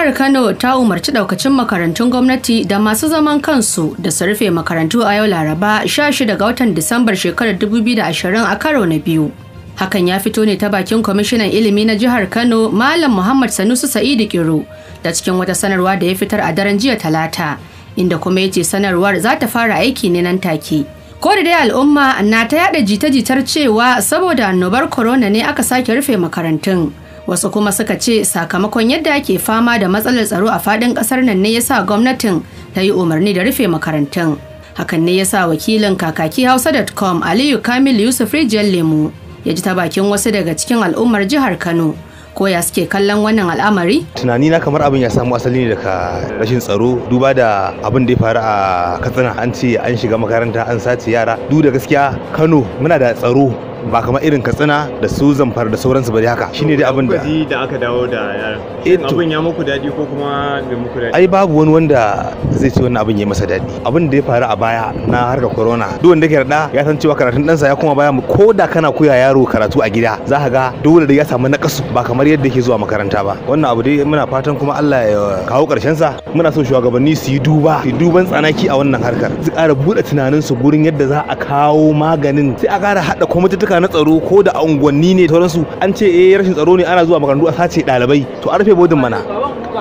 jihar kano ta umarci daukacin makarantun gwamnati da masu zaman kansu da su rufe makarantu a yau laraba 16 ga watan disambar shekarar 2020 a karo na biyu hakan ya fito ne ta bakin kwamishinan ilimi na jihar kano malam muhammad sanusi sa'idu kiro da cikin wata sanarwa da ya fitar a daren jiya talata inda kuma ya sanarwar za ta fara aiki ne nan take ko da dai al'umma na ta yada jita-jitar cewa saboda annobar corona ne aka sake rufe makarantun wasu kuma suka ce sakamakon yadda ake fama da matsalar tsaro a faɗin ƙasar nan ne yasa gwamnatin ta yi umarni da rufe makarantun hakan ne yasa wakilin kakaki hausa.com aliyu kamil yusuf rijiyar lemu ya ji ta bakin wasu daga cikin al'ummar jihar kano ko ya suke kallon wannan al'amari? tunani na kamar abin ya samu asali ne daga rashin tsaro duba da abin da ya faru a katsina an ce an shiga makaranta an sace yara duk da gaskiya kano muna da tsaro ba kamar irin katsina da su zamfar da sauransu ba dai haka shine dai abin da da aka dawo da yaran eh, abin ya muku dadi ko kuma bai muku dadi ai babu wani wanda zai ce wannan abin ya masa dadi abin da ya faru a baya na harka corona duk wanda ke rada ya san cewa karatun dansa ya koma baya ko da kana koya yaro karatu a gida za ka ga dole da ya samu nakasu ba kamar yadda yake zuwa makaranta ba wannan abu dai muna fatan kuma Allah ya kawo karshen sa muna so shugabanni su yi duba su duban tsanaki a wannan harkar su kara buɗe tunanin su gurin yadda za a kawo maganin sai a kara haɗa kwamitin ayyuka na tsaro ko da unguwanni ne sauransu an ce eh rashin tsaro ne ana zuwa makarantu a sace ɗalibai to a rufe bodin mana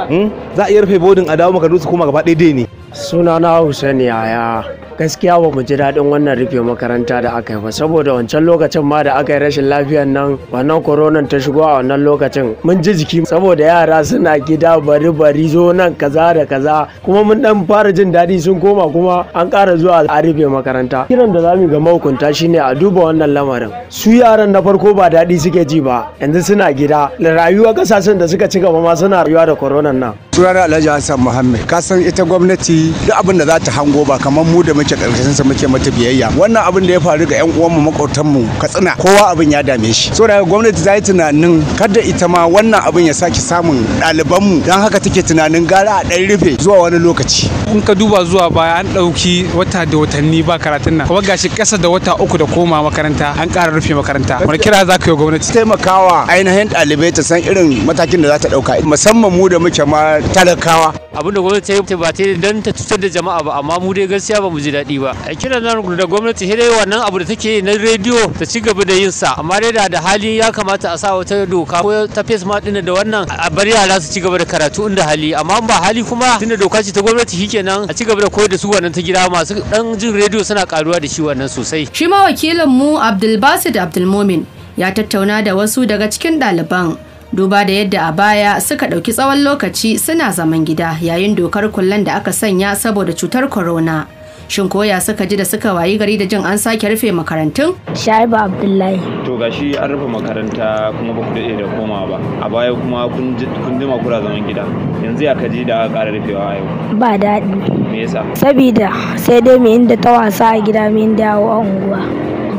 hmm? za a iya rufe bodin a dawo makarantu su koma gaba ɗaya ne sunana Hussein Yaya gaskiya ba mu ji daɗin wannan rufe makaranta da aka yi ba saboda wancan lokacin ma da aka yi rashin lafiyan nan wannan koronan ta shigo a wannan lokacin mun ji jiki saboda yara suna gida bari bari zo nan kaza da kaza kuma mun dan fara jin daɗi sun koma kuma an ƙara zuwa a rufe makaranta kiran da zamu ga mahukunta shine a duba wannan lamarin su yaran na farko ba daɗi suke ji ba yanzu suna gida rayuwa kasashen da suka ci gaba ma suna rayuwa da koronan nan sunana Alhaji Hassan Muhammad ka ita gwamnati duk abin da za ta hango ba kamar mu da muke muke karkashin sa muke mata biyayya wannan abin da ya faru ga yan uwan mu makwabtan mu katsina kowa abin ya dame shi so daga gwamnati za yi tunanin kada ita ma wannan abin ya sake samun ɗaliban mu dan haka take tunanin gara a ɗan rufe zuwa wani lokaci in ka duba zuwa baya an ɗauki wata da watanni ba karatun nan kuma gashi ƙasa da wata uku da koma makaranta an ƙara rufe makaranta wani kira za ka yi gwamnati taimakawa ainihin ɗalibai ta san irin matakin da za ta ɗauka musamman mu da muke ma talakawa da gwamnati ta yi ba ta don ta cutar da jama'a ba amma mu dai gaskiya ba mu ji daɗi ba a kiran nan da gwamnati sai dai wannan abu da take na rediyo ta ci gaba da yin sa amma dai da da hali ya kamata a sa wata doka ko ta face ma dinna da wannan a bari yara su ci gaba da karatu inda hali amma ba hali kuma tunda doka ce ta gwamnati nan a ci gaba da koyar da su wannan ta gida masu dan jin rediyo suna karuwa da shi wannan sosai shi ma wakilin mu Abdulbasid Abdulmumin ya tattauna da wasu daga cikin ɗaliban duba da yadda a baya suka ɗauki tsawon lokaci suna zaman gida yayin dokar kullen da aka sanya saboda cutar corona shin koya suka ji da suka wayi gari da jin an sake rufe makarantun shaibu abdullahi to gashi an rufe makaranta kuma ba ku daɗe da koma ba a baya kuma kun jima kura zaman gida yanzu ya kaji da ƙara rufewa yau ba daɗi me yasa sabida sai dai mu inda ta wasa a gida mu inda yawo a unguwa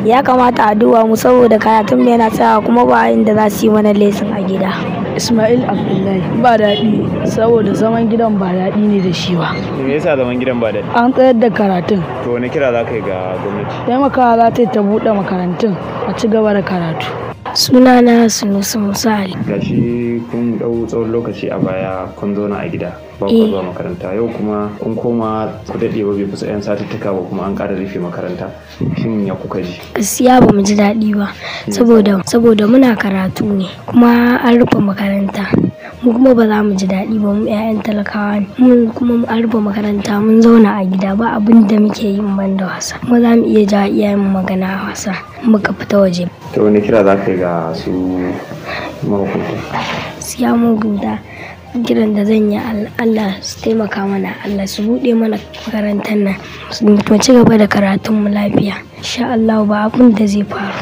ya kamata a duba mu saboda karatun mai yana tsayawa kuma ba inda za su yi mana lesin a gida Ismail Abdullahi ba daɗi saboda zaman gidan ba daɗi ne da shi ba. Me yasa zaman gidan ba daɗi? An tsayar da karatun. To wani kira za ka yi ga gwamnati? Taimakawa za ta yi ta buɗe makarantun a ci gaba da karatu. suna na sunusu musa ali gashi kun dau tsawon lokaci a baya kun zauna a gida ba ku eh. zuwa makaranta yau kuma kun koma ku daɗe ba bai kusa yan satuttuka ba kuma an ƙara rufe makaranta shin ya kuka ji gaskiya ba mu ji daɗi ba saboda muna karatu ne kuma an rufe makaranta mu kuma ba za mu ji daɗi ba mu 'ya'yan talakawa ne mun kuma mu arba makaranta mun zauna a gida ba abin da muke yi ban da wasa kuma za mu iya jawo iyayen magana a wasa muka fita waje. to wani kira za ka yi ga su mahukunta. siya mahukunta kiran da zan yi Allah su taimaka mana Allah su buɗe mana makarantar nan mu ci gaba da karatun mu lafiya insha Allah ba abin da zai faru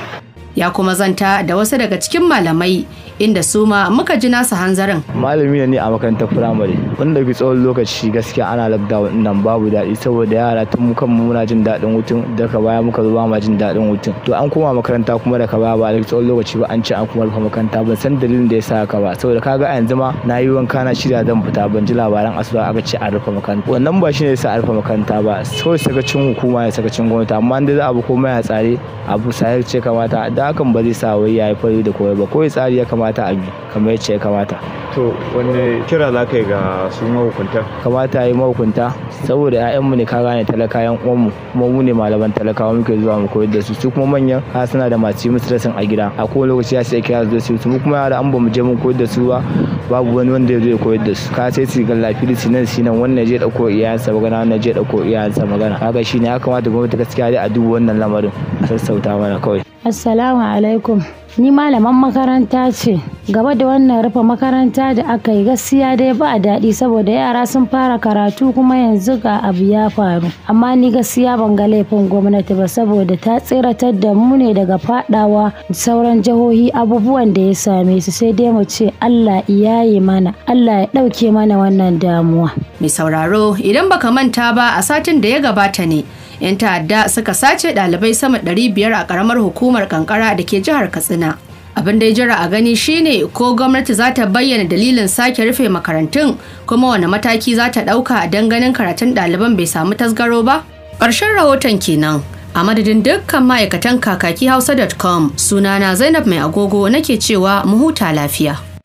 ya kuma zanta da wasu daga cikin malamai inda su ma muka ji nasu hanzarin. Malami ne a makarantar firamare. wanda bi tsawon lokaci gaskiya ana lockdown nan babu daɗi saboda yara tun mu muna jin daɗin hutun daga baya muka zo ma jin daɗin hutun. To an koma makaranta kuma daga baya ba a tsawon lokaci ba an ce an kuma rufe makaranta ban san dalilin da ya sa haka ba saboda kaga a yanzu ma na yi wanka na shirya zan fita ban ji labaran asuba aka ce an rufe makaranta. Wannan ba shi ne ya sa a rufe makaranta ba kawai sakacin hukuma da sakacin gwamnati amma dai za a bi komai a tsare abu sahil ce kamata da hakan ba zai sa wai ya fari da kowa ba kawai tsari ya kamata kamata a bi kamar yadda ya kamata to wanne kira za ka yi ga su mahukunta kamata yi mahukunta saboda 'ya'yanmu ne ka gane talaka yan uwanmu kuma mu ne malaman talakawa muke zuwa mu koyar da su su kuma manyan ka suna da masu yi musu rasin a gida a kowane lokaci ya sai kira su su mu kuma yara an ba mu je mun koyar da su ba babu wani wanda ya zo ya koyar da su ka sai su ga lafiyar su nan shi nan wannan je dauko iyayensa magana wannan je dauko iyayensa magana shi ne ya kamata gwamnati gaskiya dai a duk wannan lamarin a sassauta mana kawai assalamu alaikum ni malaman makaranta ce gaba da wannan rufe makaranta da aka yi gaskiya dai ba daɗi saboda yara sun fara karatu kuma yanzu ga abu ya faru amma ni gaskiya ban ga laifin gwamnati ba saboda ta tseratar da mu ne daga fadawa sauran jihohi abubuwan da ya same su sai dai mu ce Allah yi mana Allah ya ɗauke mana wannan damuwa. Mai sauraro idan baka manta ba a satin da ya gabata ne 'yan ta'adda suka sace ɗalibai sama 500 a ƙaramar hukumar kankara da ke jihar Katsina. abin da ya jira a gani shine ko gwamnati za ta bayyana dalilin sake rufe makarantun kuma wani mataki za ta ɗauka don ganin karatun ɗaliban bai samu tasgaro ba ƙarshen rahoton kenan a madadin dukkan ma'aikatan kakaki hausa.com sunana zainab mai agogo nake cewa mu huta lafiya